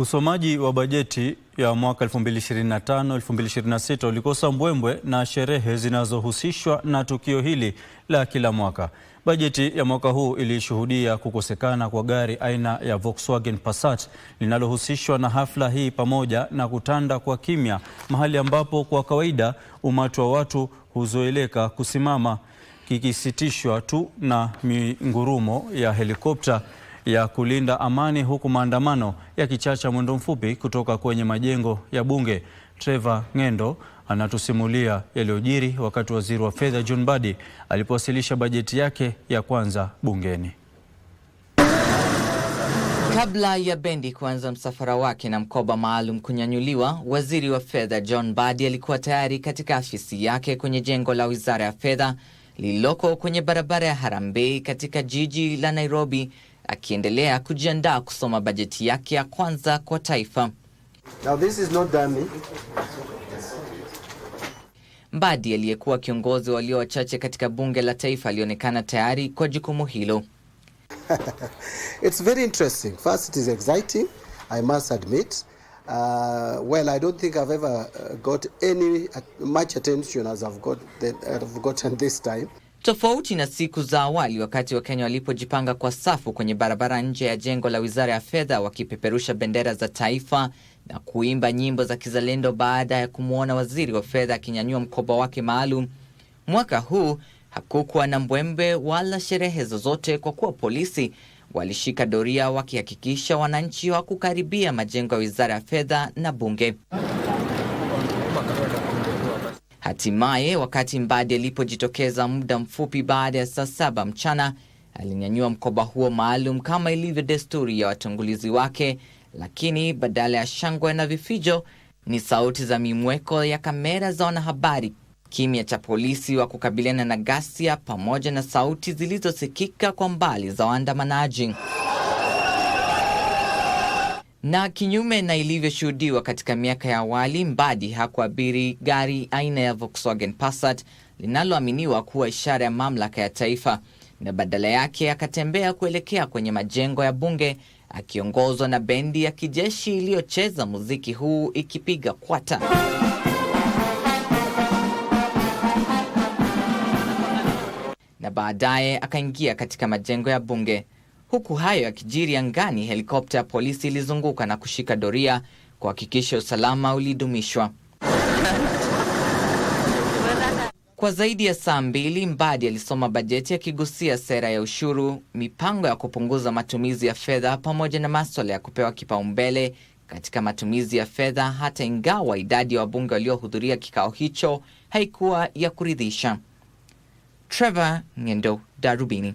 Usomaji wa bajeti ya mwaka 2025-2026 ulikosa mbwembwe na sherehe zinazohusishwa na tukio hili la kila mwaka. Bajeti ya mwaka huu ilishuhudia kukosekana kwa gari aina ya Volkswagen Passat linalohusishwa na hafla hii pamoja na kutanda kwa kimya mahali ambapo kwa kawaida umati wa watu huzoeleka kusimama kikisitishwa tu na mingurumo ya helikopta ya kulinda amani huku maandamano yakichacha mwendo mfupi kutoka kwenye majengo ya bunge. Trevor Ng'endo anatusimulia yaliyojiri wakati waziri wa fedha John Mbadi alipowasilisha bajeti yake ya kwanza bungeni. Kabla ya bendi kuanza msafara wake na mkoba maalum kunyanyuliwa, waziri wa fedha John Mbadi alikuwa tayari katika afisi yake kwenye jengo la wizara ya fedha lililoko kwenye barabara ya Harambee katika jiji la Nairobi, akiendelea kujiandaa kusoma bajeti yake ya kwanza kwa taifa. Now this is not dummy. Mbadi aliyekuwa kiongozi walio wachache katika bunge la taifa alionekana tayari kwa jukumu hilo. It's very interesting. First it is exciting, I must admit. Uh, well, I don't think I've ever uh, got any uh, much attention as I've got I've gotten this time tofauti na siku za awali, wakati Wakenya walipojipanga kwa safu kwenye barabara nje ya jengo la wizara ya fedha wakipeperusha bendera za taifa na kuimba nyimbo za kizalendo baada ya kumwona waziri wa fedha akinyanyua mkoba wake maalum. Mwaka huu hakukuwa na mbwembe wala sherehe zozote kwa kuwa polisi walishika doria wakihakikisha wananchi wa kukaribia majengo ya wizara ya fedha na bunge. Hatimaye, wakati Mbadi alipojitokeza muda mfupi baada ya saa saba mchana, alinyanyua mkoba huo maalum kama ilivyo desturi ya watangulizi wake, lakini badala ya shangwe na vifijo ni sauti za mimweko ya kamera za wanahabari, kimya cha polisi wa kukabiliana na ghasia, pamoja na sauti zilizosikika kwa mbali za waandamanaji. Na kinyume na ilivyoshuhudiwa katika miaka ya awali, Mbadi hakuabiri gari aina ya Volkswagen Passat linaloaminiwa kuwa ishara ya mamlaka ya taifa, na badala yake akatembea kuelekea kwenye majengo ya bunge akiongozwa na bendi ya kijeshi iliyocheza muziki huu ikipiga kwata. Na baadaye akaingia katika majengo ya bunge. Huku hayo yakijiri angani, helikopta ya polisi ilizunguka na kushika doria kuhakikisha usalama ulidumishwa kwa zaidi ya saa mbili. Mbadi alisoma bajeti akigusia sera ya ushuru, mipango ya kupunguza matumizi ya fedha, pamoja na maswala ya kupewa kipaumbele katika matumizi ya fedha, hata ingawa idadi ya wabunge waliohudhuria kikao hicho haikuwa ya kuridhisha. Trevor Ngendo, Darubini.